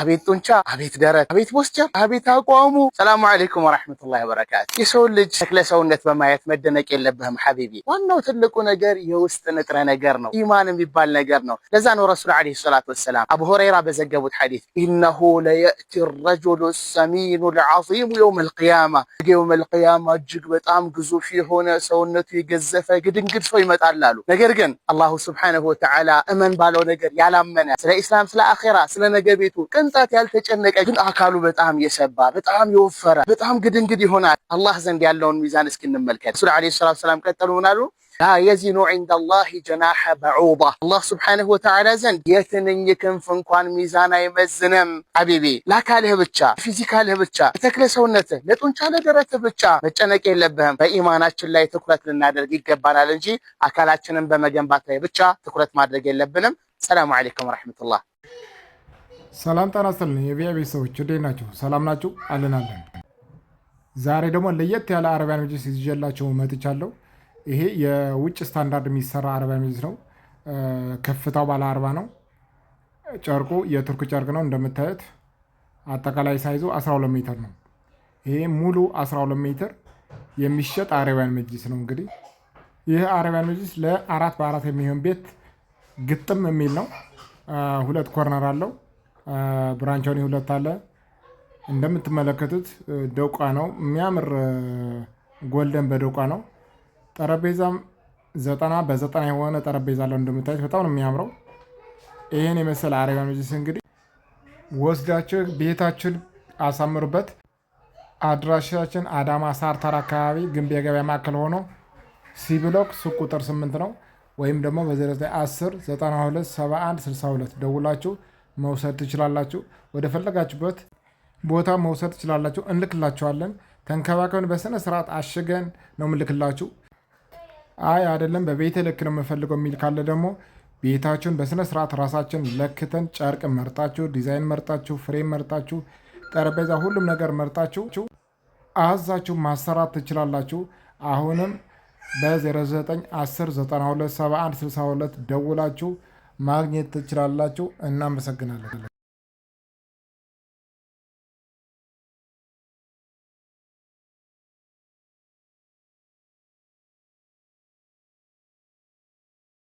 አቤት ጡንቻ፣ አቤት ደረት፣ አቤት ቦስጫ፣ አቤት አቋሙ። ሰላሙ አለይኩም ወራህመቱላሂ ወበረካቱ። የሰው ልጅ ተክለ ሰውነት በማየት መደነቅ የለብህም ሐቢቢ። ዋናው ትልቁ ነገር የውስጥ ንጥረ ነገር ነው፣ ኢማን የሚባል ነገር ነው። ለዛ ነው ረሱል አለይሂ ሰላቱ ወሰላም አቡ ሁረይራ በዘገቡት ሐዲስ ኢነሁ ለየእቲ ረጁሉ ሰሚኑ ልዓዚሙ የውም ልቅያማ፣ የውም ልቅያማ እጅግ በጣም ግዙፍ የሆነ ሰውነቱ የገዘፈ ግድንግድ ሰው ይመጣል አሉ። ነገር ግን አላሁ ስብሓነሁ ወተዓላ እመን ባለው ነገር ያላመነ ስለ ኢስላም ስለ አኼራ ስለ ነገ ቤቱ ቅን ለመምጣት ያልተጨነቀ ግን አካሉ በጣም የሰባ በጣም የወፈረ በጣም ግድንግድ ይሆናል። አላህ ዘንድ ያለውን ሚዛን እስክንመልከት ረሱል ዓለይሂ ሰላቱ ሰላም ቀጠሉ ምናሉ ላ የዚኑ ዐንደ ጀናሐ በዑዳ አላህ ስብሓነሁ ወተዓላ ዘንድ የትንኝ ክንፍ እንኳን ሚዛን አይመዝንም። አቢቢ ለአካልህ ብቻ ፊዚካልህ ብቻ ለተክለ ሰውነትህ ለጡንቻ ለደረትህ ብቻ መጨነቅ የለብህም። በኢማናችን ላይ ትኩረት ልናደርግ ይገባናል እንጂ አካላችንን በመገንባት ላይ ብቻ ትኩረት ማድረግ የለብንም። ሰላሙ ዓለይኩም ወረሕመቱላህ ሰላም ጤና ይስጥልኝ የቪያ ቤተሰቦች እንዴት ናቸው? ሰላም ናቸው አለናለን። ዛሬ ደግሞ ለየት ያለ አረቢያን መጅሊስ ይዤላቸው መጥቻለሁ። ይሄ የውጭ ስታንዳርድ የሚሰራ አረቢያን መጅሊስ ነው። ከፍታው ባለ አርባ ነው። ጨርቁ የቱርክ ጨርቅ ነው እንደምታዩት። አጠቃላይ ሳይዙ 12 ሜትር ነው። ይሄ ሙሉ 12 ሜትር የሚሸጥ አረቢያን መጅሊስ ነው። እንግዲህ ይህ አረቢያን መጅሊስ ለአራት በአራት የሚሆን ቤት ግጥም የሚል ነው። ሁለት ኮርነር አለው ብራንቻውን ሁለት አለ። እንደምትመለከቱት ዶቃ ነው የሚያምር ጎልደን በደቋ ነው። ጠረጴዛም ዘጠና በዘጠና የሆነ ጠረጴዛ አለው እንደምታዩት በጣም ነው የሚያምረው። ይህን የመሰለ አረቢያ መጅሊስ እንግዲህ ወስዳችሁ ቤታችን አሳምሩበት። አድራሻችን አዳማ ሳርታር አካባቢ ግንብ የገበያ ማዕከል ሆኖ ሲብሎክ ሱቅ ቁጥር ስምንት ነው። ወይም ደግሞ በ0910 62 ደውላችሁ መውሰድ ትችላላችሁ። ወደ ፈለጋችሁበት ቦታ መውሰድ ትችላላችሁ። እንልክላችኋለን። ተንከባከብን በስነ ስርዓት አሽገን ነው ምልክላችሁ። አይ አይደለም በቤት ልክ ነው የምፈልገው የሚል ካለ ደግሞ ቤታችሁን በስነ ስርዓት ራሳችን ለክተን ጨርቅ መርጣችሁ፣ ዲዛይን መርጣችሁ፣ ፍሬም መርጣችሁ፣ ጠረጴዛ፣ ሁሉም ነገር መርጣችሁ አዛችሁ ማሰራት ትችላላችሁ። አሁንም በ0910927162 ደውላችሁ ማግኘት ትችላላችሁ። እናመሰግናለን።